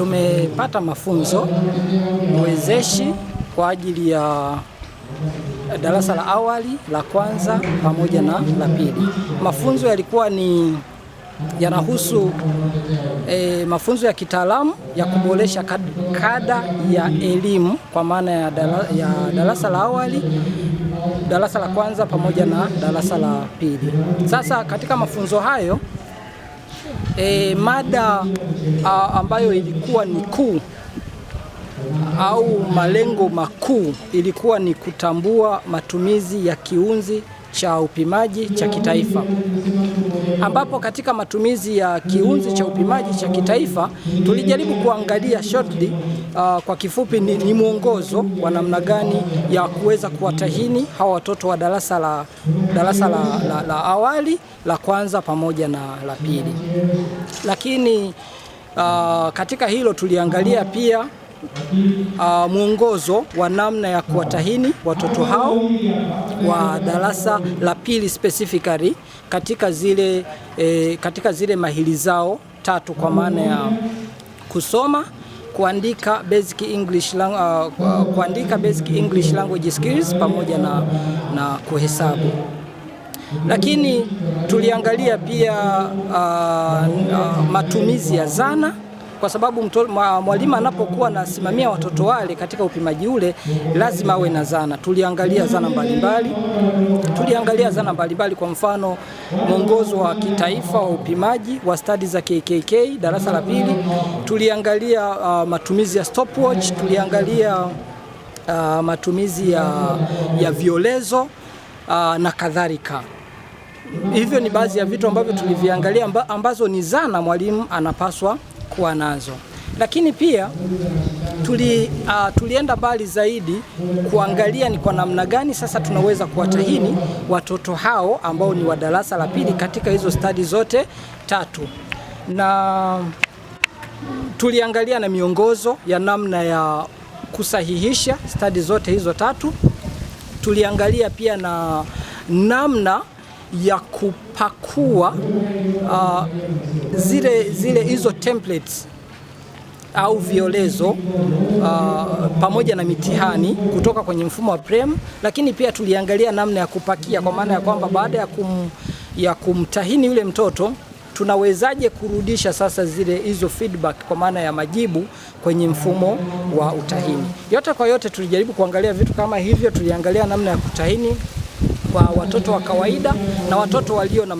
Tumepata mafunzo mwezeshi kwa ajili ya darasa la awali la kwanza pamoja na la pili. Mafunzo yalikuwa ni yanahusu e, mafunzo ya kitaalamu ya kuboresha kada ya elimu kwa maana ya, dala, ya darasa la awali, darasa la kwanza pamoja na darasa la pili. Sasa katika mafunzo hayo e, mada a, ambayo ilikuwa ni kuu au malengo makuu ilikuwa ni kutambua matumizi ya kiunzi cha upimaji cha kitaifa, ambapo katika matumizi ya kiunzi cha upimaji cha kitaifa tulijaribu kuangalia shortly Uh, kwa kifupi ni, ni mwongozo wa namna gani ya kuweza kuwatahini hawa watoto wa darasa la, darasa la, la, la awali la kwanza pamoja na la pili. Lakini uh, katika hilo tuliangalia pia uh, mwongozo wa namna ya kuwatahini watoto hao wa darasa la pili specifically katika zile, e, katika zile mahili zao tatu kwa maana ya kusoma kuandika basic English, lang uh, kuandika basic English language skills pamoja na, na kuhesabu. Lakini tuliangalia pia uh, uh, matumizi ya zana kwa sababu mwalimu anapokuwa anasimamia watoto wale katika upimaji ule lazima awe na zana. Tuliangalia zana mbalimbali, tuliangalia zana mbalimbali, kwa mfano mwongozo wa kitaifa wa upimaji wa stadi za KKK darasa la pili, tuliangalia uh, matumizi ya stopwatch, tuliangalia uh, matumizi ya, ya violezo uh, na kadhalika. Hivyo ni baadhi ya vitu ambavyo tuliviangalia ambazo ni zana mwalimu anapaswa kuwa nazo, lakini pia tuli, uh, tulienda mbali zaidi kuangalia ni kwa namna gani sasa tunaweza kuwatahini watoto hao ambao ni wa darasa la pili katika hizo stadi zote tatu na tuliangalia na miongozo ya namna ya kusahihisha stadi zote hizo tatu. Tuliangalia pia na namna ya kupakua uh, zile zile hizo templates au violezo uh, pamoja na mitihani kutoka kwenye mfumo wa PREM, lakini pia tuliangalia namna ya kupakia, kwa maana ya kwamba baada ya, kum, ya kumtahini yule mtoto tunawezaje kurudisha sasa zile hizo feedback kwa maana ya majibu kwenye mfumo wa utahini. Yote kwa yote tulijaribu kuangalia vitu kama hivyo, tuliangalia namna ya kutahini kwa watoto wa kawaida na watoto walio na